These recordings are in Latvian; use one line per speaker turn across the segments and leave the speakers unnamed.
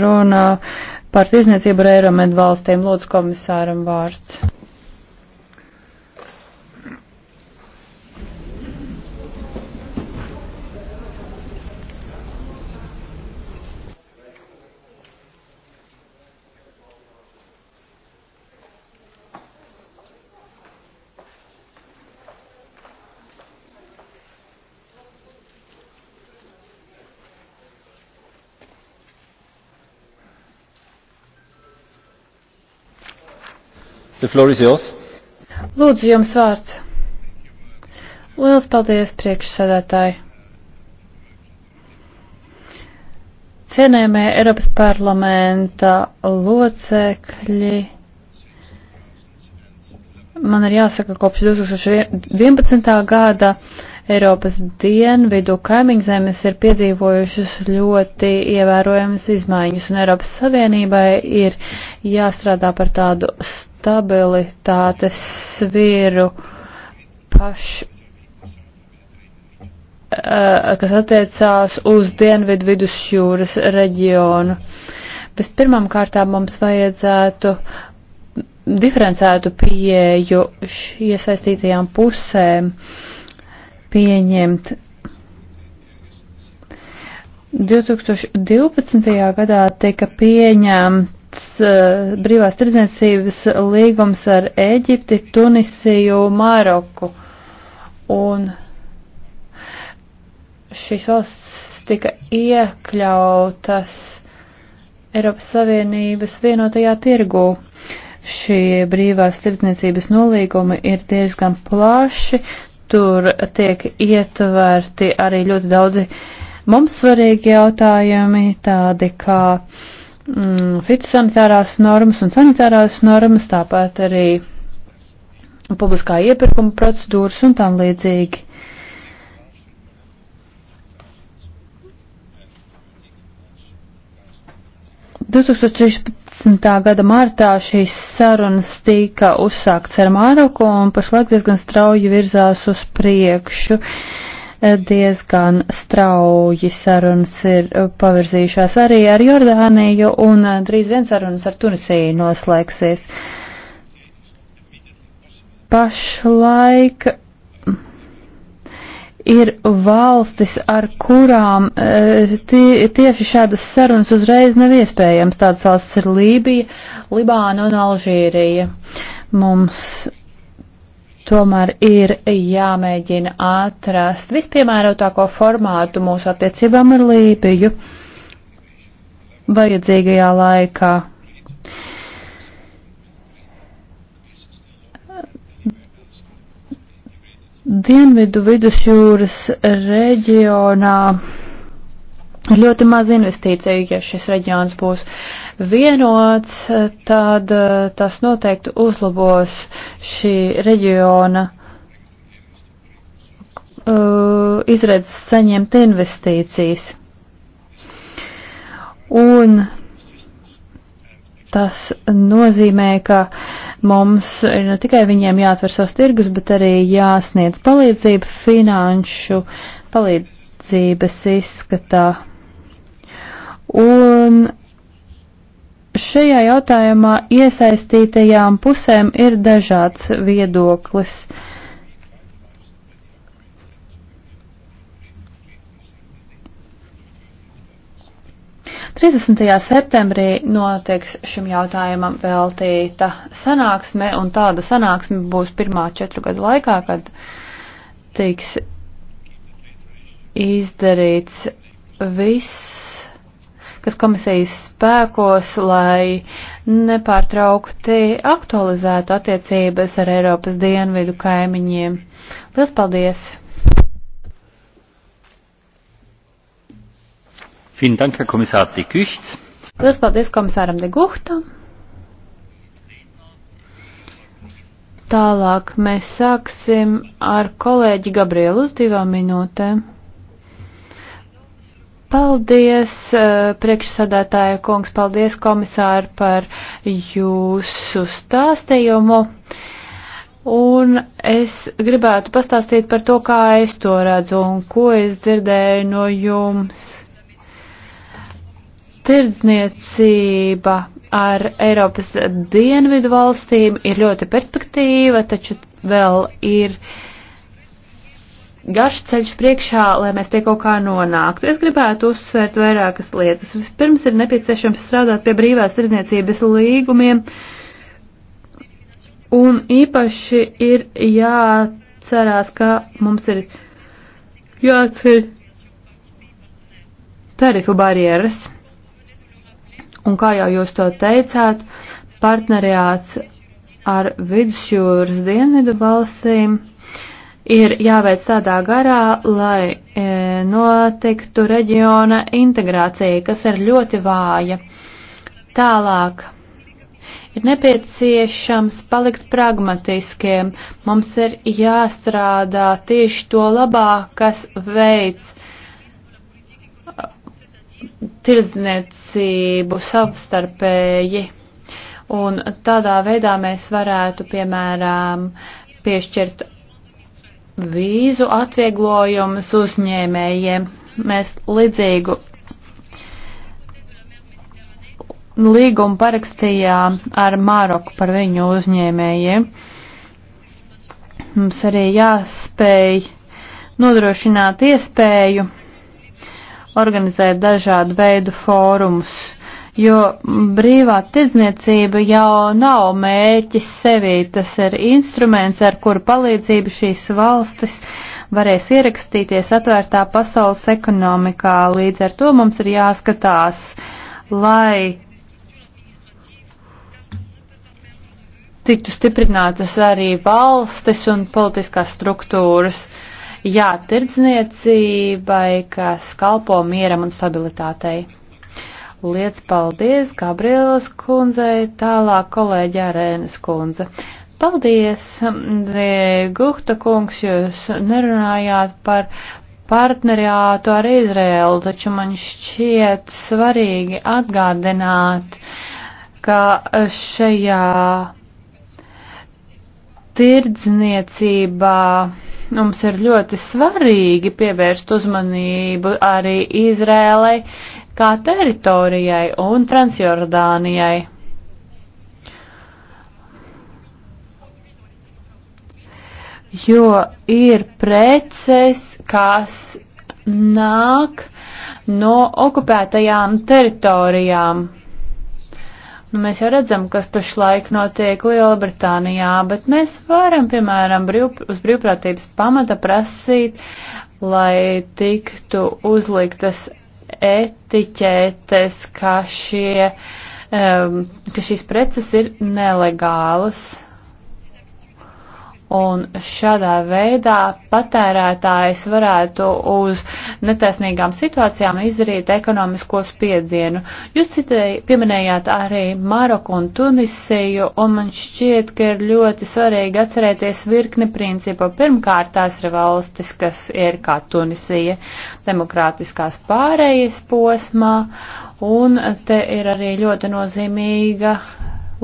runā par tirzniecību ar Eiromed valstīm. Lūdzu, komisāram vārds. Lūdzu, jums vārds. Lielas paldies, priekšsēdētāji. Cienējamie Eiropas parlamenta locekļi. Man ir jāsaka, kopš 2011. gada Eiropas dienvidu kaimiņzemes ir piedzīvojušas ļoti ievērojamas izmaiņas, un Eiropas Savienībai ir jāstrādā par tādu stabilitātes sviru pašu eh, kas attiecās uz Dienvidu vidusjūras reģionu. Bez pirmām kārtām mums vajadzētu diferencētu pieeju iesaistītajām pusēm. Uh, pieņemt. 2012. gadā tika pieņemts uh, brīvās tirdzniecības līgums ar Eģipti, Tunisiju, Maroku. Un šīs valsts tika iekļautas Eiropas Savienības vienotajā tirgū. Šie brīvās tirdzniecības nolīgumi ir diezgan plaši, Tur tiek ietverti arī ļoti daudzi mums svarīgi jautājumi, tādi kā mm, fitosanitārās normas un sanitārās normas, tāpat arī publiskā iepirkuma procedūras un tam līdzīgi. 2012. gada martā šīs sarunas tika uzsākts ar Maroku un pašlaik diezgan strauji virzās uz priekšu. Eh, diezgan strauji sarunas ir eh, pavirzījušās arī ar Jordāniju un eh, drīz vien sarunas ar Tunisiju noslēgsies. Pašlaik ir valstis, ar kurām e, tie, tieši šādas sarunas uzreiz nav iespējams. Tādas valstis ir Lībija, Libāna un Alžīrija. Mums tomēr ir jāmēģina atrast vispiemērotāko formātu mūsu attiecībām ar Lībiju vajadzīgajā laikā. Dienvidu vidusjūras reģionā ir ļoti maz investīciju, ja šis reģions būs vienots, tad eh, tas noteikti uzlabos šī reģiona uh, izredzes saņemt investīcijas. Un Tas nozīmē, ka mums ir ne tikai viņiem jāatver savus tirgus, bet arī jāsniedz palīdzība finanšu palīdzības izskatā. Un šajā jautājumā iesaistītajām pusēm ir dažāds viedoklis. Uh, 30. septembrī notiks šim jautājumam veltīta sanāksme, un tāda sanāksme būs pirmā četru gadu laikā, kad tiks izdarīts viss, kas komisijas spēkos, lai nepārtraukti aktualizētu attiecības ar Eiropas dienvidu kaimiņiem. Lielas paldies! Dank, Lielas paldies komisāram de Guhtam. Tālāk mēs sāksim ar kolēģi Gabrielu uz divām minūtēm. Paldies, eh, priekšsādātāja kungs, paldies komisāri par jūsu stāstījumu. Un es gribētu pastāstīt par to, kā es to redzu un ko es dzirdēju no jums. Tirdzniecība ar Eiropas dienvidu valstīm ir ļoti perspektīva, taču vēl ir garš ceļš priekšā, lai mēs pie kaut kā nonāktu. Es gribētu uzsvērt vairākas lietas. Vispirms ir nepieciešams strādāt pie brīvās tirdzniecības līgumiem, un īpaši ir jācerās, ka mums ir jāceļ tarifu barjeras Un kā jau jūs to teicāt, partneriāts ar vidusjūras dienvidu valstīm ir jāveic tādā garā, lai e, notiktu reģiona integrācija, kas ir ļoti vāja. Tālāk. Ir nepieciešams palikt pragmatiskiem. Mums ir jāstrādā tieši to labā, kas veids tirdzniecību savstarpēji. Un tādā veidā mēs varētu, piemēram, piešķirt vīzu atvieglojumus uzņēmējiem. Mēs līdzīgu līgumu parakstījām ar Māroku par viņu uzņēmējiem. Mums arī jāspēj nodrošināt iespēju organizēt dažādu veidu fórumus, jo brīvā tirdzniecība jau nav mērķis sevī, tas ir instruments, ar kuru palīdzību šīs valstis varēs ierakstīties atvērtā pasaules ekonomikā. Līdz ar to mums ir jāskatās, lai tiktu stiprinātas arī valstis un politiskās struktūras. Uh, jā tirdzniecībai, kas kalpo mieram un stabilitātei. Liec paldies Gabrielas kundzei, tālāk kolēģi Arēnas kundze. Paldies, Guhta kungs, jūs nerunājāt par partneriātu ar Izrēlu, taču man šķiet svarīgi atgādināt, ka šajā tirdzniecībā Mums ir ļoti svarīgi pievērst uzmanību arī Izrēlai kā teritorijai un Transjordānijai. Jo ir preces, kas nāk no okupētajām teritorijām. Nu, mēs jau redzam, kas pašlaik notiek Lielbritānijā, bet mēs varam, piemēram, brīv, uz brīvprātības pamata prasīt, lai tiktu uzliktas etiķetes, ka, šie, um, ka šīs preces ir nelegālas un šādā veidā patērētājs varētu uz netaisnīgām situācijām izdarīt ekonomisko spiedienu. Jūs citēji pieminējāt arī Maroku un Tunisiju, un man šķiet, ka ir ļoti svarīgi atcerēties virkni principu. Pirmkārt, tās ir valstis, kas ir kā Tunisija demokrātiskās pārējas posmā, un te ir arī ļoti nozīmīga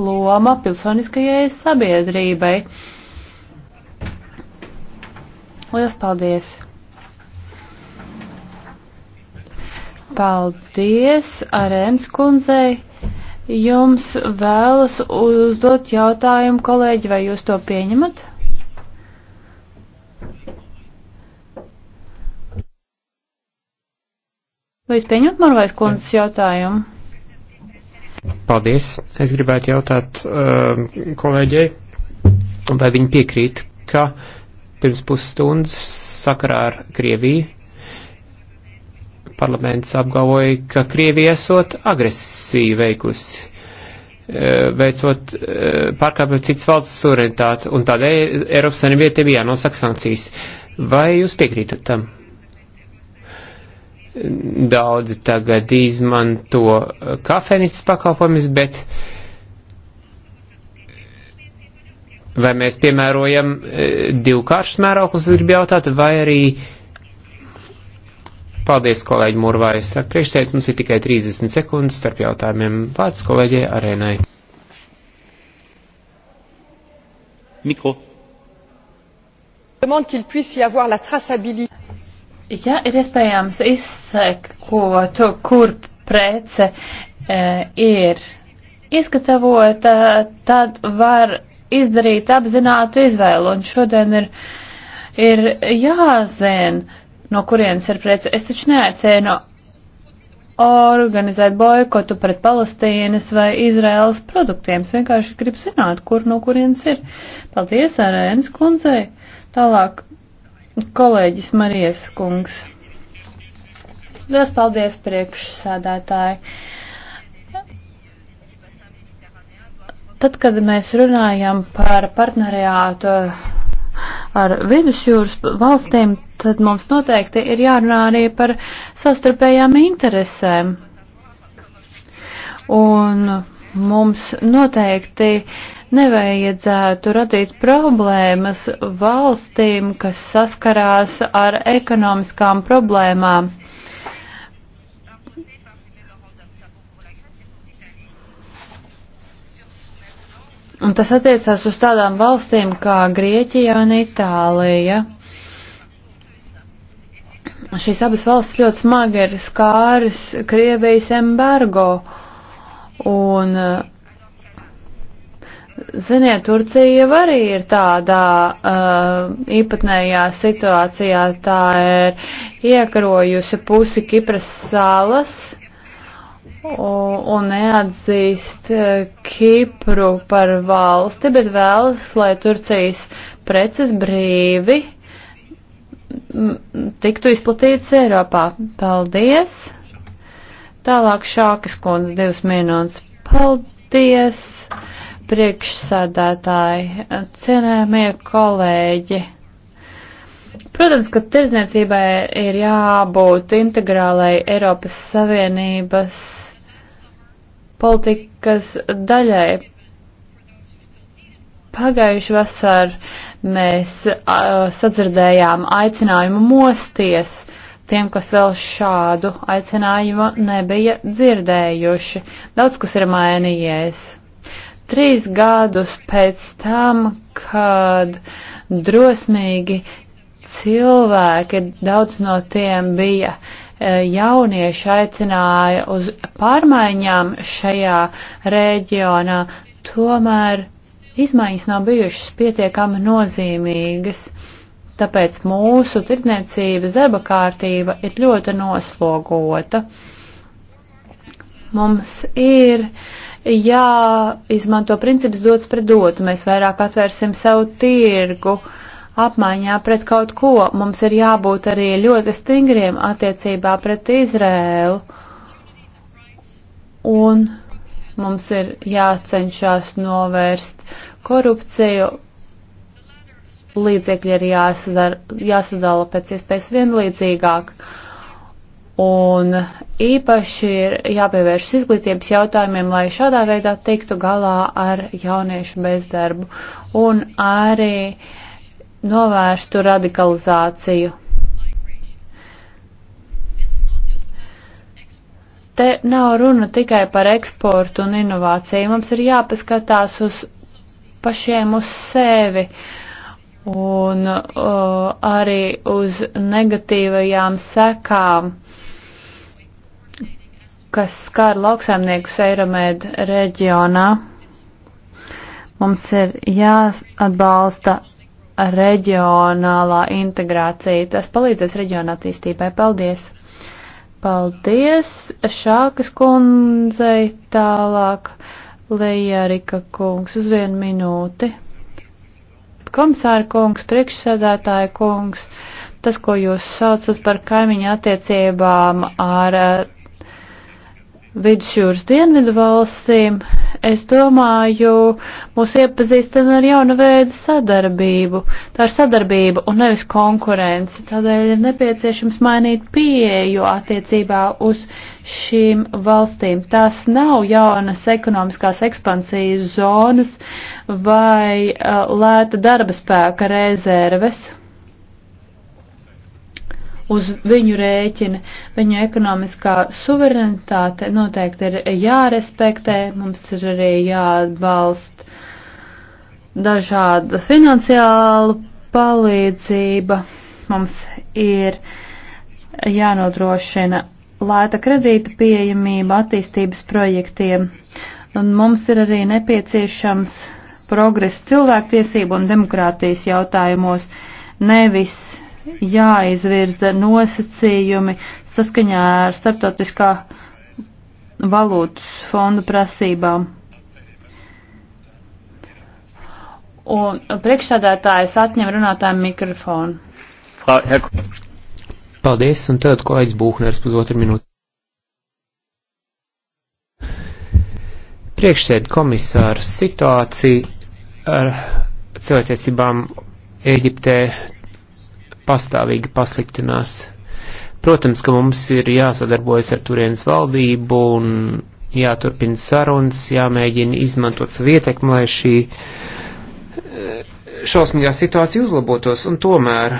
loma pilsoniskajai sabiedrībai. Uh, Lielas paldies! Paldies Arēns kundzei! Jums vēlas uzdot jautājumu, kolēģi, vai jūs to pieņemat? Vai jūs pieņemat Marvais kundzes jautājumu?
Paldies. Es gribētu jautāt um, kolēģei, vai viņa piekrīt, ka uh, pirms pusstundas sakarā ar Krieviju. Parlaments apgalvoja, ka Krievija esot agresīvi veikusi, e, veicot e, pārkāpjot citas valsts suverenitāti, un tādēļ Eiropas Savienībai bija jānosaka sankcijas. Vai jūs piekrītat tam? Daudzi tagad izmanto kafejnīcas pakalpojumus, bet uh, Vai mēs piemērojam e, divkāršas mēroklus, es gribu jautāt, vai arī. Paldies, kolēģi Murvai. Saka, priekšsēdz, mums ir tikai 30 sekundes starp jautājumiem. Vārds kolēģei Arēnai.
Mikro.
Demande qu'il puisse y avoir la traçabilité.
Ja ir iespējams izsekot, kur prece e, ir izgatavota, tad var izdarīt apzinātu izvēlu, un šodien ir, ir jāzēna, no kurienes ir prece. Es taču neaicēnu organizēt boikotu pret Palestīnas vai Izraēlas produktiem. Es vienkārši gribu zināt, kur no kurienes ir. Paldies, Arēnas kundzei. Tālāk kolēģis Marijas kungs. Lielas paldies priekšsādātāji. Uh, Tad, kad mēs runājam par partneriātu ar vidusjūras valstīm, tad mums noteikti ir jārunā arī par savstarpējām interesēm. Un mums noteikti nevajadzētu radīt problēmas valstīm, kas saskarās ar ekonomiskām problēmām. Un tas attiecās uz tādām valstīm kā Grieķija un Itālija. Šīs abas valsts ļoti smagi ir skāris Krievijas embargo. Un, ziniet, Turcija jau arī ir tādā uh, īpatnējā situācijā. Tā ir iekarojusi pusi Kipras salas un neatzīst e, Kipru par valsti, bet vēlas, lai Turcijas preces brīvi tiktu izplatītas Eiropā. Paldies! Tālāk Šākas kundze divas minūtes. Paldies! Priekšsādātāji, cienējamie kolēģi! Protams, ka tirdzniecībai ir jābūt integrālai Eiropas Savienības politikas daļai. Pagājuši vasar mēs uh, sadzirdējām aicinājumu mosties tiem, kas vēl šādu aicinājumu nebija dzirdējuši. Daudz kas ir mainījies. Trīs gadus pēc tam, kad drosmīgi cilvēki, daudz no tiem bija uh, jaunieši aicināja uz pārmaiņām šajā reģionā, tomēr izmaiņas nav bijušas pietiekami nozīmīgas. Tāpēc mūsu tirdzniecības darba kārtība ir ļoti noslogota. Mums ir jāizmanto princips dots pret dotu, mēs vairāk atvērsim savu tirgu. Uh, apmaiņā pret kaut ko. Mums ir jābūt arī ļoti stingriem attiecībā pret Izrēlu. Un mums ir jācenšas novērst korupciju. Līdzekļi ir jāsadara, jāsadala pēc iespējas vienlīdzīgāk. Un īpaši ir jāpievērš izglītības jautājumiem, lai šādā veidā tiktu galā ar jauniešu bezdarbu. Un arī uh, novērstu radikalizāciju. Te nav runa tikai par eksportu un inovāciju. Mums ir jāpaskatās uz pašiem uz sevi un uh, arī uz negatīvajām sekām, kas skar lauksaimniekus Eiromēd reģionā. Mums ir jāatbalsta reģionālā integrācija. Tas palīdzēs reģiona attīstībai. Paldies! Paldies Šākas kundzei tālāk, Leijārika kungs uz vienu minūti. Komisāra kungs, priekšsēdētāja kungs, tas, ko jūs saucat par kaimiņu attiecībām ar vidusjūras dienvidu valstīm, es domāju, mūs iepazīstina ar jaunu veidu sadarbību. Tā ir sadarbība un nevis konkurence. Tādēļ ir nepieciešams mainīt pieeju attiecībā uz šīm valstīm. Tās nav jaunas ekonomiskās ekspansijas zonas vai uh, lēta darba spēka rezerves uz viņu rēķina. Viņu ekonomiskā suverenitāte noteikti ir jārespektē, mums ir arī jāatbalsta dažāda finansiāla palīdzība, mums ir jānodrošina lēta kredīta pieejamība attīstības projektiem, un mums ir arī nepieciešams progress cilvēktiesību un demokrātijas jautājumos, nevis jāizvirza nosacījumi saskaņā ar starptautiskā valūtas fonda prasībām. Un priekšsādātājs atņem runātājiem mikrofonu.
Paldies, un tad kolēģis Būhners pusotru minūti. Priekšsēd komisāra situācija ar cilvēktiesībām Ēģiptē pastāvīgi pasliktinās. Protams, ka mums ir jāsadarbojas ar turienes valdību un jāturpina sarunas, jāmēģina izmantot savu ietekmi, lai šī eh, šausmīgā situācija uzlabotos, un tomēr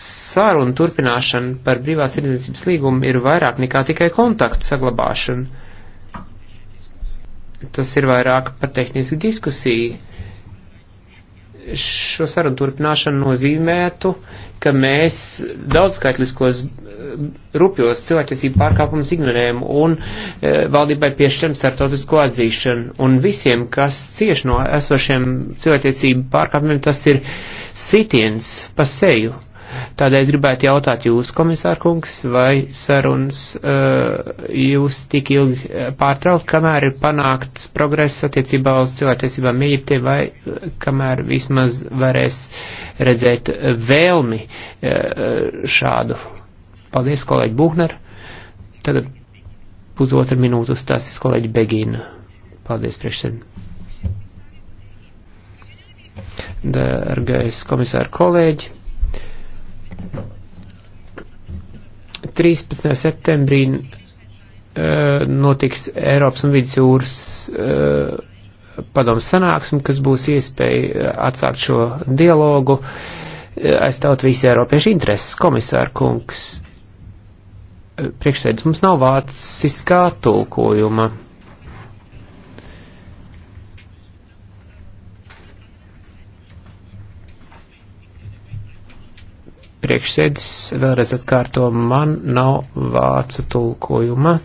saruna turpināšana par brīvās tirdzniecības līgumu ir vairāk nekā tikai kontaktu saglabāšana. Tas ir vairāk par tehnisku diskusiju šo sarunu turpināšana nozīmētu, ka mēs daudzskaitliskos eh, rupjos cilvēktiesību pārkāpumus ignorējam un e, valdībai piešķiram startautisko atzīšanu. Un visiem, kas cieši no esošiem cilvēktiesību pārkāpumiem, tas ir sitiens pa seju Tādēļ es gribētu jautāt jūs, komisārkungs, vai sarunas uh, jūs tik ilgi eh, pārtraukt, kamēr ir panākts progress attiecībā uz cilvēktiesībām Ēģiptē, vai eh, kamēr vismaz varēs redzēt vēlmi uh, šādu. Paldies, kolēģi Buhner. Tagad pusotru minūtu stāsies kolēģi Begīna. Paldies, priekšsēdētāji. Dargais komisāra kolēģi, 13. septembrī uh, notiks Eiropas un Vidzjūras uh, eh, padomu sanāksme, kas būs iespēja eh, atsākt šo dialogu, aizstāvot visi Eiropiešu intereses. Komisāra kungs, priekšsēdus mums nav vāciskā tulkojuma. priekšsēdis vēlreiz atkārto, man nav vācu tulkojuma.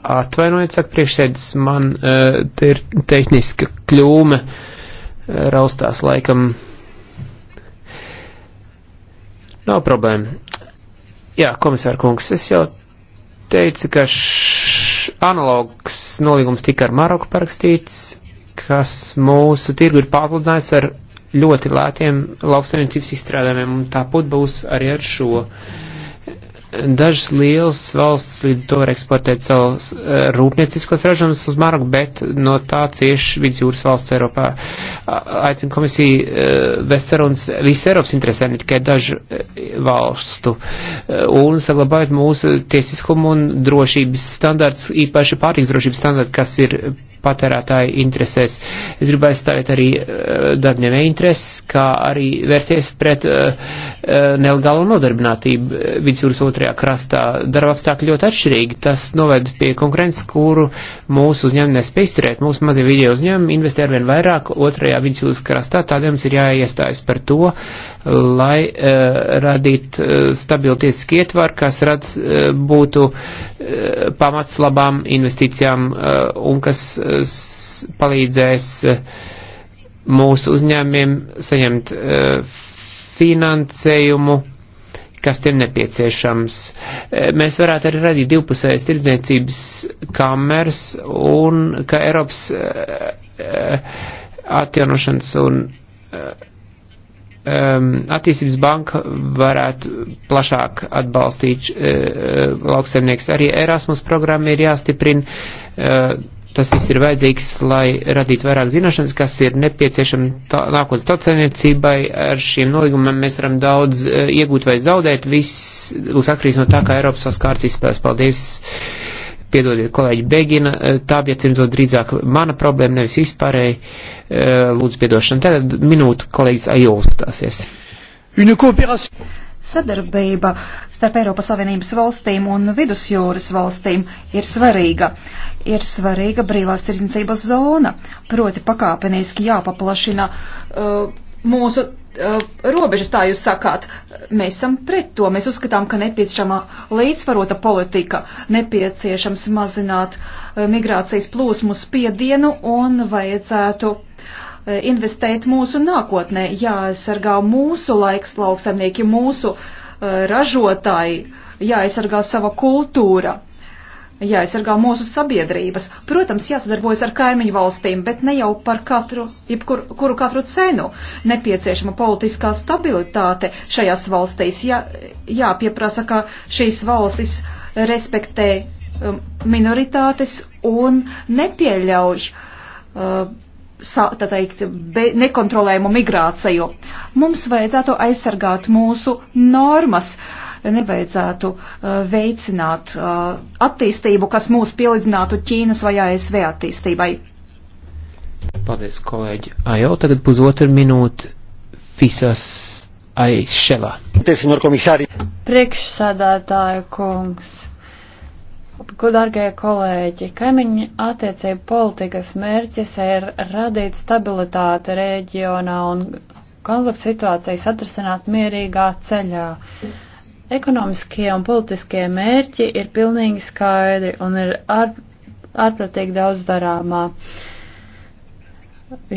Atvainojiet, saka priekšsēdis, man uh, te ir tehniska kļūme, eh, raustās laikam. Nav problēma. Jā, komisāra kungs, es jau teicu, ka analogs nolīgums tika ar Maroku parakstīts, kas mūsu tirgu ir papludinājis ar ļoti lētiem lauksaimniecības izstrādājumiem, un tāpat būs arī ar šo. Dažas lielas valsts līdz to var eksportēt savus eh, rūpnieciskos ražojumus uz Maroku, bet no tā cieši vidusjūras valsts Eiropā. Aicinu komisiju eh, vest sarunas visu Eiropas interesēm, ne tikai dažu eh, valstu, un saglabājot mūsu tiesiskumu un drošības standarts, īpaši pārtiks drošības standarts, kas ir patērētāju interesēs. Es gribu aizstāvēt arī eh, darbņēmē intereses, kā arī vērsties pret eh, eh, nelegālo nodarbinātību vidusjūras otrajā krastā. Darba apstākļi ļoti atšķirīgi. Tas noved pie konkurences, kuru mūsu uzņēmumi nespēj izturēt. Mūsu mazie video uzņēmumi investē arvien vairāk otrajā vidusjūras krastā, tādēļ mums ir jāiestājas par to, lai uh, radītu uh, eh, stabilitiesku ietvaru, kas rad, uh, būtu uh, pamats labām investīcijām uh, un kas uh, palīdzēs uh, mūsu uzņēmiem saņemt uh, finansējumu kas tiem nepieciešams. Mēs varētu arī radīt divpusējas tirdzniecības kameras un ka Eiropas atjaunošanas un um, attīstības banka varētu plašāk atbalstīt uh, lauksaimnieks. Arī Erasmus programma ir jāstiprina. Uh, tas viss ir vajadzīgs, lai radītu vairāk zināšanas, kas ir nepieciešama nākotnes tautsainiecībai. Ar šiem nolīgumiem mēs varam daudz uh, iegūt vai zaudēt. Viss būs atkarīgs no tā, kā Eiropas savas kārtas izspēlēs. Paldies! Uh, piedodiet kolēģi Begina, eh, tā bija cimdot drīzāk mana problēma, nevis vispārēji, eh, lūdzu piedošanu. Tagad minūtu kolēģis Ajols stāsies.
Sadarbība starp Eiropas Savienības valstīm un vidusjūras valstīm ir svarīga. Ir svarīga brīvās tirdzniecības zona, proti pakāpeniski jāpaplašina uh, mūsu Eh, robežas, tā jūs sakāt. Mēs esam pret to. Mēs uzskatām, ka nepieciešama līdzsvarota politika, nepieciešams mazināt eh, migrācijas plūsmu spiedienu un vajadzētu eh, investēt mūsu nākotnē, jāaizsargā mūsu laiks lauksamnieki, mūsu ražotāji, jāaizsargā sava kultūra jāaizsargā mūsu sabiedrības. Protams, jāsadarbojas ar kaimiņu valstīm, bet ne jau par katru, jebkuru kuru katru cenu. Nepieciešama politiskā stabilitāte šajās valstīs. Jā, jāpieprasa, ka šīs valstis respektē um, minoritātes un nepieļauj. Uh, tā teikt, nekontrolējumu migrāciju. Mums vajadzētu aizsargāt mūsu normas. Uh, nevajadzētu uh, veicināt uh, attīstību, kas mūs pielīdzinātu Ķīnas vai ASV attīstībai.
Paldies, kolēģi. Ajo, tagad pusotra minūte Fisas Aišela.
Priekšsādātāja kungs. Dargie kolēģi, kaimiņu attiecību politikas mērķis ir radīt stabilitāti reģionā un konflikts situācijas atrasināt mierīgā ceļā. Mm. Ekonomiskie un politiskie mērķi ir pilnīgi skaidri un ir ārprātīgi daudz darāmā,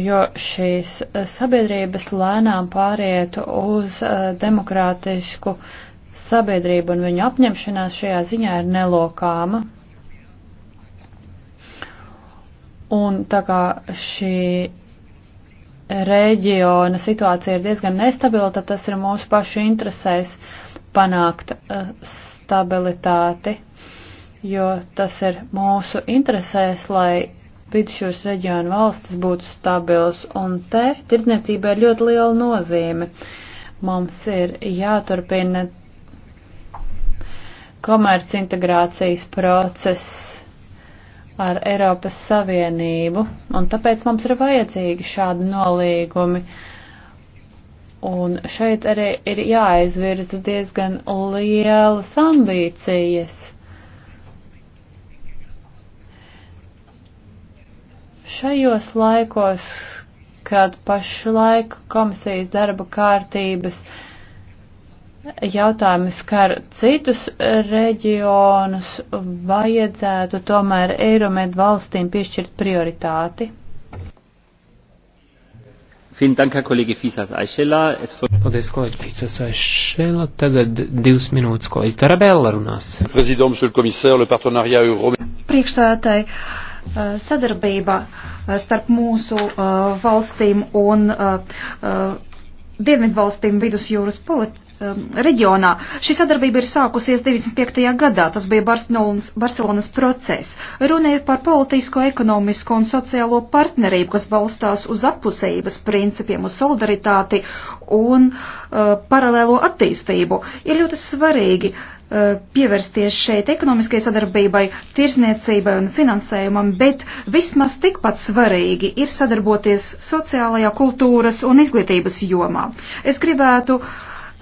jo šīs sabiedrības lēnām pārietu uz eh, demokrātisku sabiedrību un viņu apņemšanās šajā ziņā ir nelokāma. Un tā kā šī reģiona situācija ir diezgan nestabila, tad tas ir mūsu pašu interesēs. Uh, panākt eh, stabilitāti, jo tas ir mūsu interesēs, lai vidusjūras reģiona valstis būtu stabils, un te tirdzniecība ir ļoti liela nozīme. Mums ir jāturpina komerci integrācijas process ar Eiropas Savienību, un tāpēc mums ir vajadzīgi šādi nolīgumi. Uh, Un šeit arī ir jāizvirza diezgan lielas ambīcijas. Šajos laikos, kad pašlaik komisijas darba kārtības jautājumi skar citus reģionus, vajadzētu tomēr Eiromed valstīm piešķirt prioritāti.
Paldies, kolēģi Fisas Aišela. Tagad divas minūtes, ko izdara Bēla runās.
Priekšstādātāji, eh, sadarbība eh, starp mūsu eh, valstīm un Dienvidvalstīm vidusjūras polit um, reģionā. Šī sadarbība ir sākusies 95. gadā, tas bija Barcelonas, Barcelonas process. Runa ir par politisko, ekonomisko un sociālo partnerību, kas balstās uz apusējības principiem, uz solidaritāti un uh, paralēlo attīstību. Ir ļoti svarīgi uh, pievērsties šeit ekonomiskajai sadarbībai, tirsniecībai un finansējumam, bet vismaz tikpat svarīgi ir sadarboties sociālajā, kultūras un izglītības jomā. Es gribētu uh,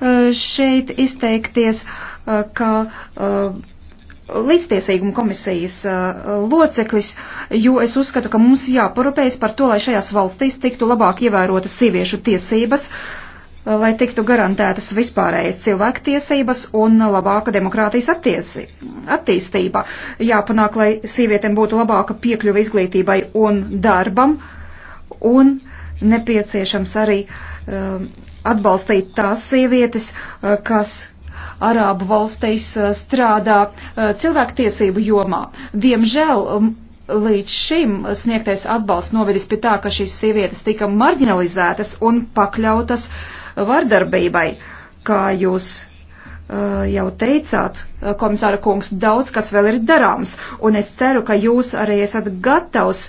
Uh, šeit izteikties uh, kā uh, līdztiesīguma komisijas loceklis, jo es uzskatu, ka mums jāparūpējas par to, lai šajās valstīs tiktu labāk ievērotas sieviešu tiesības, lai tiktu garantētas vispārējas cilvēktiesības un labāka demokrātijas attieci, attīstība. Jāpanāk, lai sievietēm būtu labāka piekļuva izglītībai un darbam, un nepieciešams arī uh, Um, atbalstīt tās sievietes, uh, kas Arābu valstīs uh, strādā uh, cilvēktiesību jomā. Diemžēl um, līdz šim sniegtais atbalsts novedis pie tā, ka šīs sievietes tika marginalizētas un pakļautas vardarbībai, kā jūs jau teicāt, komisāra kungs, daudz kas vēl ir darāms, un es ceru, ka jūs arī esat gatavs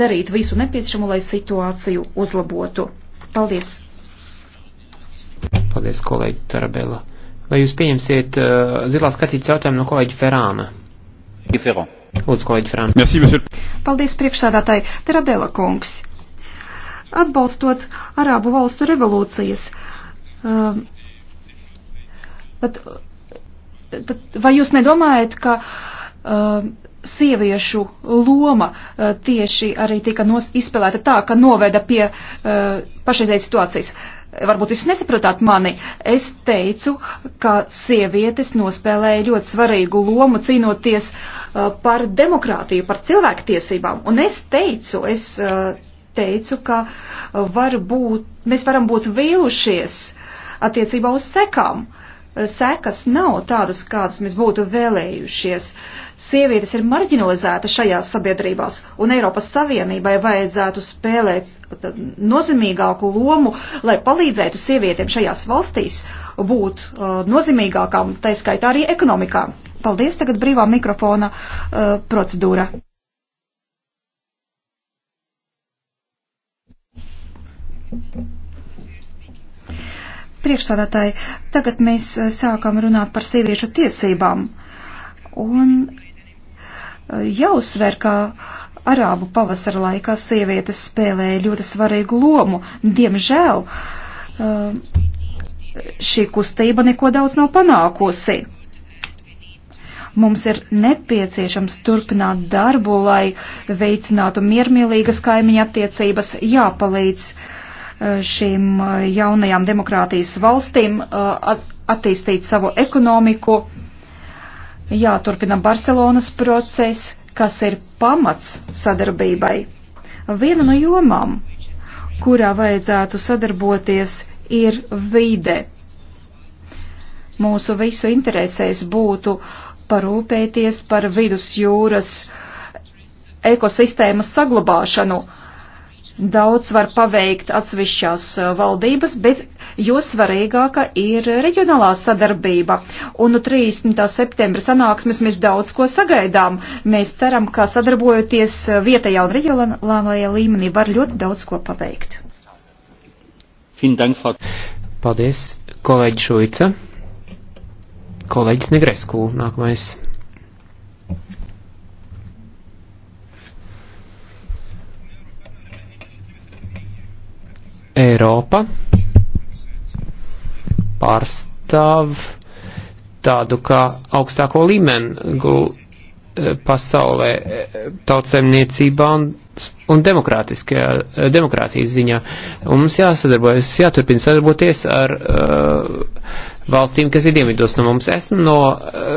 darīt visu nepieciešamo, lai situāciju uzlabotu. Paldies!
Paldies, kolēģi Tarabela. Vai jūs pieņemsiet uh, zilā skatīts jautājumu no kolēģa Ferāna? Lūdzu, kolēģi Ferāna. Merci, monsieur.
Paldies, priekšsādātāji. Tarabela kungs. Atbalstot Arābu valstu revolūcijas, uh, um, tad, tad vai jūs nedomājat, ka uh, Um, sieviešu loma uh, tieši arī tika izspēlēta tā, ka noveda pie uh, pašreizējas situācijas. Varbūt jūs nesapratāt mani. Es teicu, ka sievietes nospēlēja ļoti svarīgu lomu cīnoties uh, par demokrātiju, par cilvēktiesībām. Un es teicu, es teicu, ka varbūt, mēs varam būt vīlušies attiecībā uz sekām. Uh, sekas nav tādas, kādas mēs būtu vēlējušies. Sievietes ir marginalizētas šajās sabiedrībās, un Eiropas Savienībai vajadzētu spēlēt nozīmīgāku lomu, lai palīdzētu sievietēm šajās valstīs būt uh, nozīmīgākām, tā skaitā arī ekonomikā. Paldies, tagad brīvā mikrofona uh, procedūra. Thank you. Priekšsādātāji, tagad mēs eh, sākam runāt par sieviešu tiesībām. Un eh, jāuzsver, ka Arābu pavasara laikā sievietes spēlēja ļoti svarīgu lomu. Diemžēl eh, šī kustība neko daudz nav panākusi. Mums ir nepieciešams turpināt darbu, lai veicinātu miermīlīgas kaimiņa attiecības, jāpalīdz uh, Eh, šīm eh, jaunajām demokrātijas valstīm eh, attīstīt savu ekonomiku. Jāturpina Barcelonas process, kas ir pamats sadarbībai. Viena no jomām, kurā vajadzētu sadarboties, ir vide. Mūsu visu interesēs būtu parūpēties par vidusjūras ekosistēmas saglabāšanu, uh, Daudz var paveikt atsevišķās eh, valdības, bet jo svarīgāka ir reģionālā sadarbība. Un no 30. septembra sanāksmes mēs daudz ko sagaidām. Mēs ceram, ka sadarbojoties eh, vietējā un reģionālajā līmenī var ļoti daudz ko paveikt.
Paldies, kolēģi Šuica. Kolēģis Negresku nākamais. Eiropa pārstāv tādu kā augstāko līmeni eh, pasaulē eh, tautsēmniecībā un un eh, demokrātijas ziņā. Un mums jāsadarbojas, jāturpina sadarboties ar uh, valstīm, kas ir dienvidos no mums. Esmu no uh,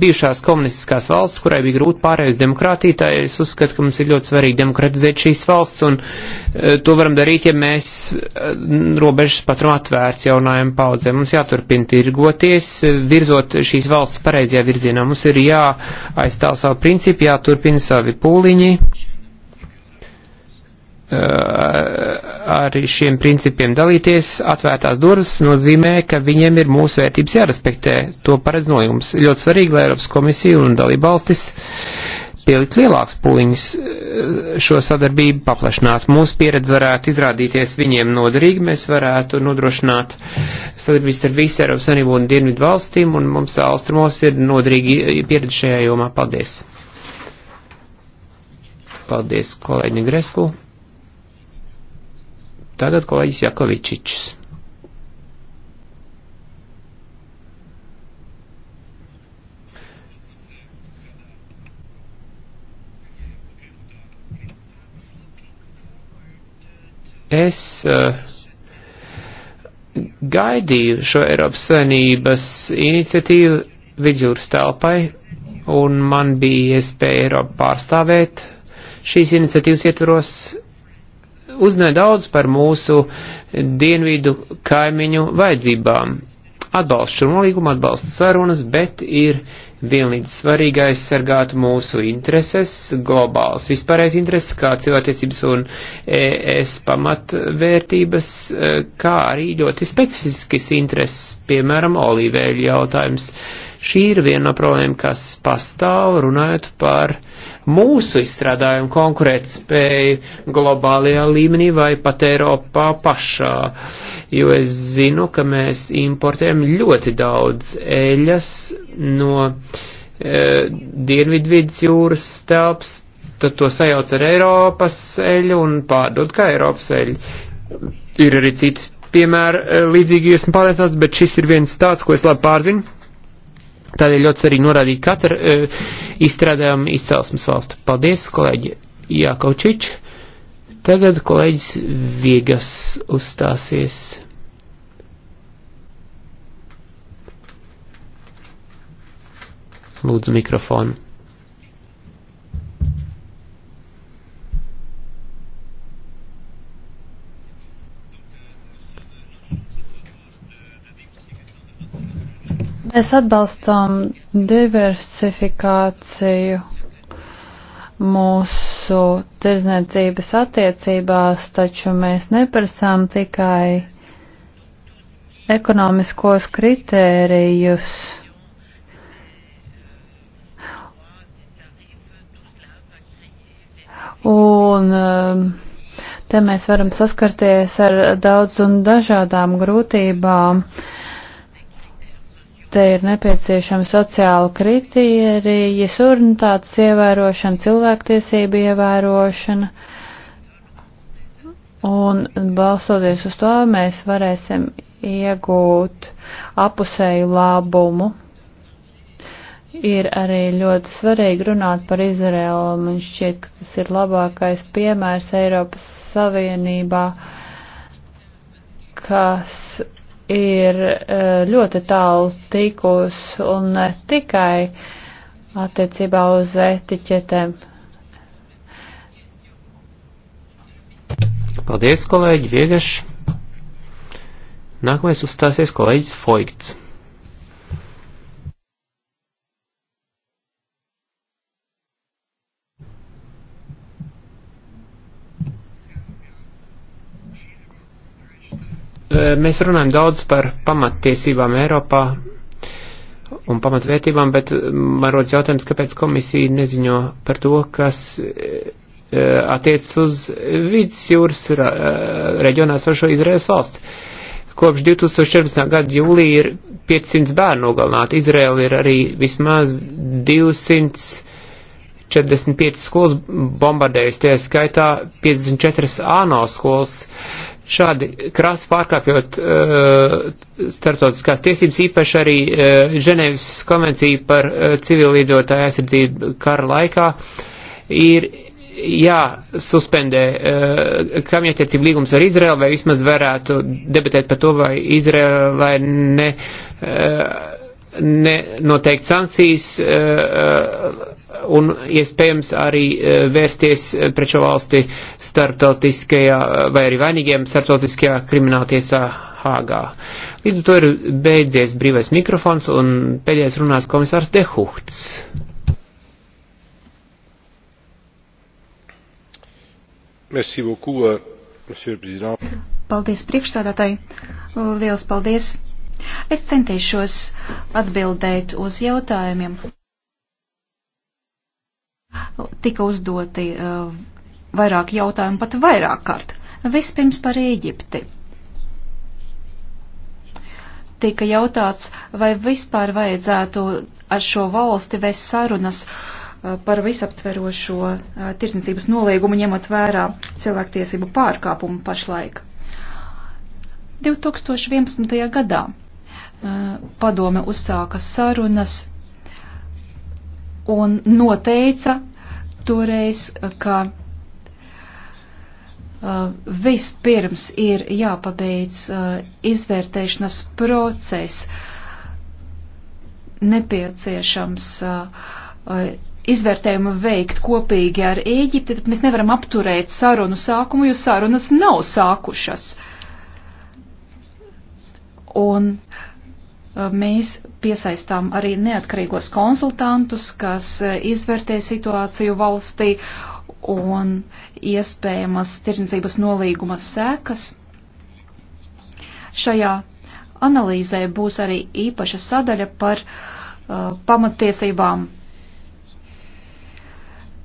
bijušās komunistiskās valsts, kurai bija grūti pārējais demokrātija, tā es uzskatu, ka mums ir ļoti svarīgi demokratizēt šīs valsts, un uh, to varam darīt, ja mēs uh, robežas patrum atvērts jaunajam paudzēm. Mums jāturpina tirgoties, uh, virzot šīs valsts pareizajā virzienā. Mums ir jāaizstāv savu principu, jāturpina savi pūliņi Uh, arī šiem principiem dalīties, atvērtās durvis nozīmē, ka viņiem ir mūsu vērtības jārespektē. To paredz nolīgums. Ļoti svarīgi, lai Eiropas komisija un dalība valstis pielikt lielāks puliņus uh, šo sadarbību paplašināt. Mūsu pieredze varētu izrādīties viņiem noderīgi, mēs varētu nodrošināt sadarbības ar visu Eiropas Savienību un Dienvidu valstīm, un mums austrumos ir noderīgi pieredze šajā jomā. Paldies! Paldies, kolēģi Gresku! Tagad kolēģis Jakovičičs. Es uh, gaidīju šo Eiropas Savienības iniciatīvu vidjūras telpai, un man bija iespēja Eiropu pārstāvēt šīs iniciatīvas ietvaros uzzināja daudz par mūsu dienvidu kaimiņu vajadzībām. Atbalsts šo nolīgumu, atbalsts sarunas, bet ir vienlīdz svarīgi aizsargāt mūsu intereses, globāls vispārējais intereses, kā cilvēktiesības un ES pamatvērtības, kā arī ļoti specifiskas intereses, piemēram, olīvēļu jautājums. Uh, Šī ir viena no problēma, kas pastāv runājot par mūsu izstrādājumu konkurētspēju globālajā līmenī vai pat Eiropā pašā. Jo es zinu, ka mēs importējam ļoti daudz eļas no e, Dienvidvidas jūras telpas, tad to sajauc ar Eiropas eļu un pārdod kā Eiropas eļu. Ir arī citi piemēri e, līdzīgi, esmu pārliecināts, bet šis ir viens tāds, ko es labi pārzinu Tādēļ ļoti svarīgi norādīt katru uh, e, izstrādājumu izcelsmes valstu. Paldies, kolēģi Jākovčič. Tagad kolēģis Viegas uzstāsies. Lūdzu mikrofonu.
Mēs atbalstām diversifikāciju mūsu tirzniecības attiecībās, taču mēs neprasām tikai ekonomiskos kritērijus. Un um, te mēs varam saskarties ar daudz un dažādām grūtībām. Uh, te ir nepieciešama sociāla kritērija, surnitātes ievērošana, cilvēktiesība ievērošana. Un balsoties uz to, mēs varēsim iegūt apusēju labumu. Ir arī ļoti svarīgi runāt par Izraēlu. Man šķiet, ka tas ir labākais piemērs Eiropas Savienībā, kas ir eh, ļoti tālu tikus un ne tikai attiecībā uz etiķetēm.
Paldies, kolēģi Viegaši! Nākamais uzstāsies kolēģis Foigts. Mēs runājam daudz par pamattiesībām Eiropā un pamatvērtībām, bet man rodas jautājums, kāpēc komisija neziņo par to, kas attiec uz vidusjūras reģionā sošo Izraels valsts. Kopš 2014. gada jūlija ir 500 bērnu nogalināti. Izraela ir arī vismaz 245 skolas bombardējusi, tie skaitā 54 ANO skolas. Uh, Šādi krāsi pārkāpjot uh, starptautiskās tiesības, īpaši arī uh, eh, Ženēvis konvencija par uh, eh, civilizētāju aizsardzību kara laikā, ir jāsuspendē uh, kamjātiecību līgums ar Izraelu, vai vismaz varētu debatēt par to, vai Izraelai ne. Uh, noteikt sankcijas eh, eh, un iespējams arī eh, vērsties pret šo valsti starptautiskajā vai arī vainīgiem starptautiskajā krimināltiesā Hāgā. Līdz to ir beidzies brīvais mikrofons un pēdējais runās komisārs Dehuhts.
Merci beaucoup, euh, monsieur le président.
Paldies priekšsādātāji. Liels paldies Es centīšos atbildēt uz jautājumiem. Tika uzdoti uh, vairāk jautājumu, pat vairāk kārt. Vispirms par Ēģipti. Tika jautāts, vai vispār vajadzētu ar šo valsti vēst sarunas uh, par visaptverošo uh, tirsniecības noliegumu, ņemot vērā cilvēktiesību pārkāpumu pašlaik. 2011. gadā padome uzsāka sarunas un noteica toreiz, ka vispirms ir jāpabeidz izvērtēšanas process nepieciešams izvērtējumu veikt kopīgi ar Ēģipti, tad mēs nevaram apturēt sarunu sākumu, jo sarunas nav sākušas. Un uh, Eh, mēs piesaistām arī neatkarīgos konsultantus, kas eh, izvērtē situāciju valstī un iespējamas tirdzniecības nolīguma sekas. Šajā analīzē būs arī īpaša sadaļa par uh, pamatiesībām.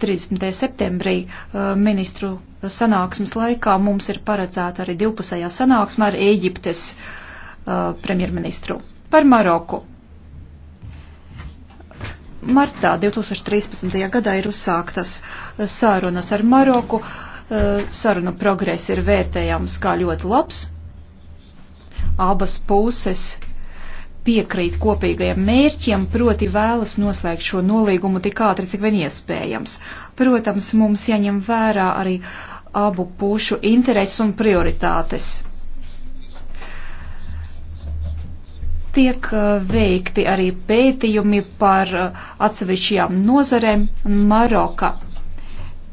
30. septembrī uh, ministru sanāksmes laikā mums ir paredzēta arī divpusējā sanāksme ar Ēģiptes uh, premjerministru. Par Maroku. Martā 2013. gadā ir uzsāktas sārunas ar Maroku. Eh, saruna progress ir vērtējams kā ļoti labs. Abas puses piekrīt kopīgajiem mērķiem, proti vēlas noslēgt šo nolīgumu tik ātri, cik vien iespējams. Protams, mums jāņem vērā arī abu pušu intereses un prioritātes. Tiek eh, veikti arī pētījumi par eh, atsevišķajām nozarēm, un Maroka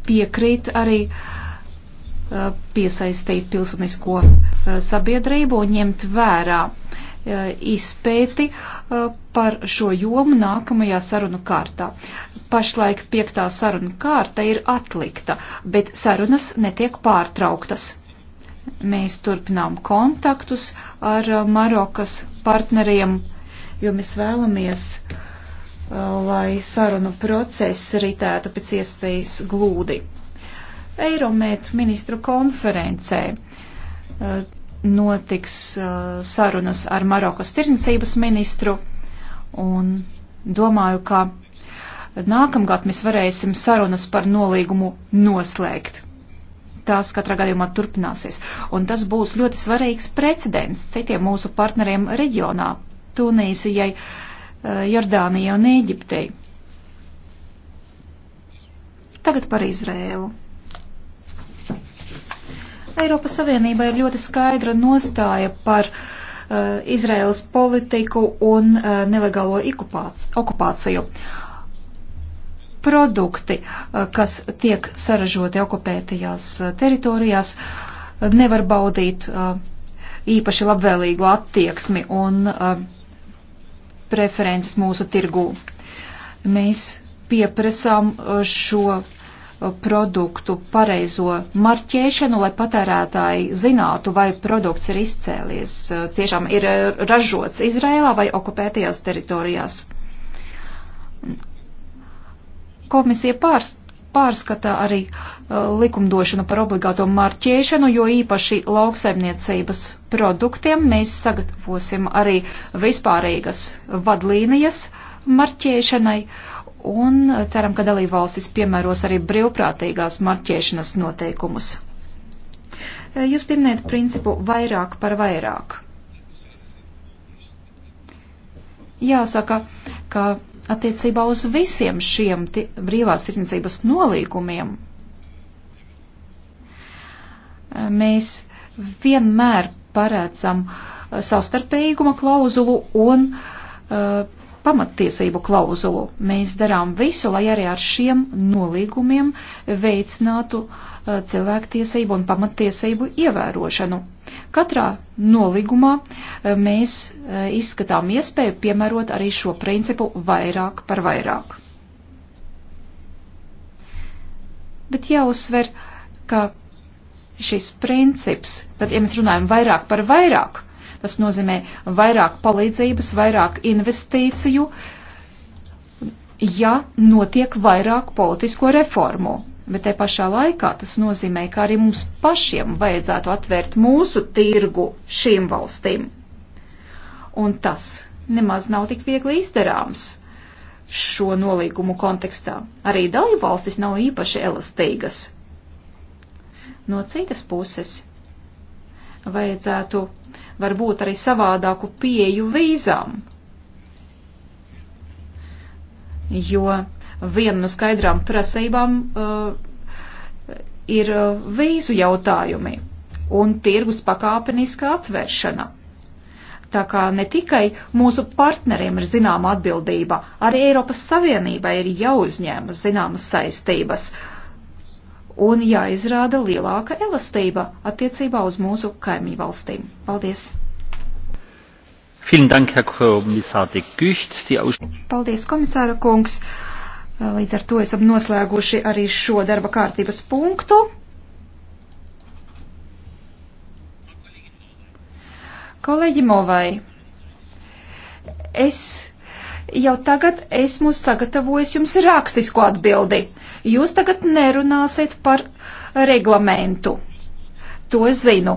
piekrīt arī eh, piesaistīt pilsonisko sabiedrību un ņemt vērā izpēti par šo jomu nākamajā sarunu kārtā. Pašlaik piektā saruna kārta ir atlikta, bet sarunas netiek pārtrauktas. Mēs turpinām kontaktus ar uh, Marokas partneriem, jo mēs vēlamies, uh, lai sarunu process ritētu pēc iespējas glūdi. Eiromēt ministru konferencē uh, notiks sarunas ar Marokas tirdzniecības ministru un domāju, ka nākamgad mēs varēsim sarunas par nolīgumu noslēgt tās katrā gadījumā turpināsies. Un tas būs ļoti svarīgs precedents citiem mūsu partneriem reģionā - Tunīsijai, eh, Jordānijai un Ēģiptei. Tagad par Izrēlu. Eiropas Savienībai ir ļoti skaidra nostāja par uh, eh, Izraēlas politiku un uh, nelegālo okupāciju. Uh, produkti, eh, kas tiek saražoti okupētajās eh, teritorijās, eh, nevar baudīt īpaši labvēlīgu attieksmi un preferences mūsu tirgū. Mēs pieprasām šo produktu pareizo marķēšanu, lai patērētāji zinātu, vai produkts ir izcēlies, tiešām ir ražots Izrēlā vai okupētajās teritorijās. Komisija pārs, pārskata arī uh, likumdošanu par obligāto marķēšanu, jo īpaši lauksaimniecības produktiem mēs sagatavosim arī vispārīgas vadlīnijas marķēšanai un ceram, ka dalībvalstis piemēros arī brīvprātīgās marķēšanas noteikumus. Uh, jūs pieminējat principu vairāk par vairāk. Jāsaka, ka attiecībā uz visiem šiem brīvās tirdzniecības nolīgumiem. Mēs vienmēr paredzam savstarpējīguma klauzulu un uh, pamattiesību klauzulu. Mēs darām visu, lai arī ar šiem nolīgumiem veicinātu uh, cilvēktiesību un pamattiesību ievērošanu. Katrā nolīgumā e, mēs e, izskatām iespēju piemērot arī šo principu vairāk par vairāk. Bet jāuzsver, ka šis princips, tad, ja mēs runājam vairāk par vairāk, tas nozīmē vairāk palīdzības, vairāk investīciju, ja notiek vairāk politisko reformu. Bet te pašā laikā tas nozīmē, ka arī mums pašiem vajadzētu atvērt mūsu tirgu šīm valstīm. Un tas nemaz nav tik viegli izdarāms šo nolīgumu kontekstā. Arī dalībvalstis nav īpaši elastīgas. No citas puses, vajadzētu varbūt arī savādāku pieju vīzām, jo viena no skaidrām prasībām uh, ir uh, vīzu jautājumi un tirgus pakāpeniska atvēršana. Tā kā ne tikai mūsu partneriem ir zināma atbildība, arī Eiropas Savienībai ir jāuzņēmas zināmas saistības un jāizrāda lielāka elastība attiecībā uz mūsu kaimiņu valstīm. Paldies!
Dank, Herr Kommissar de Gucht, die
Paldies, komisāra kungs! Līdz ar to esam noslēguši arī šo darba kārtības punktu. Kolēģi Movai, es jau tagad esmu sagatavojis jums rakstisku atbildi. Jūs tagad nerunāsiet par reglamentu. To zinu.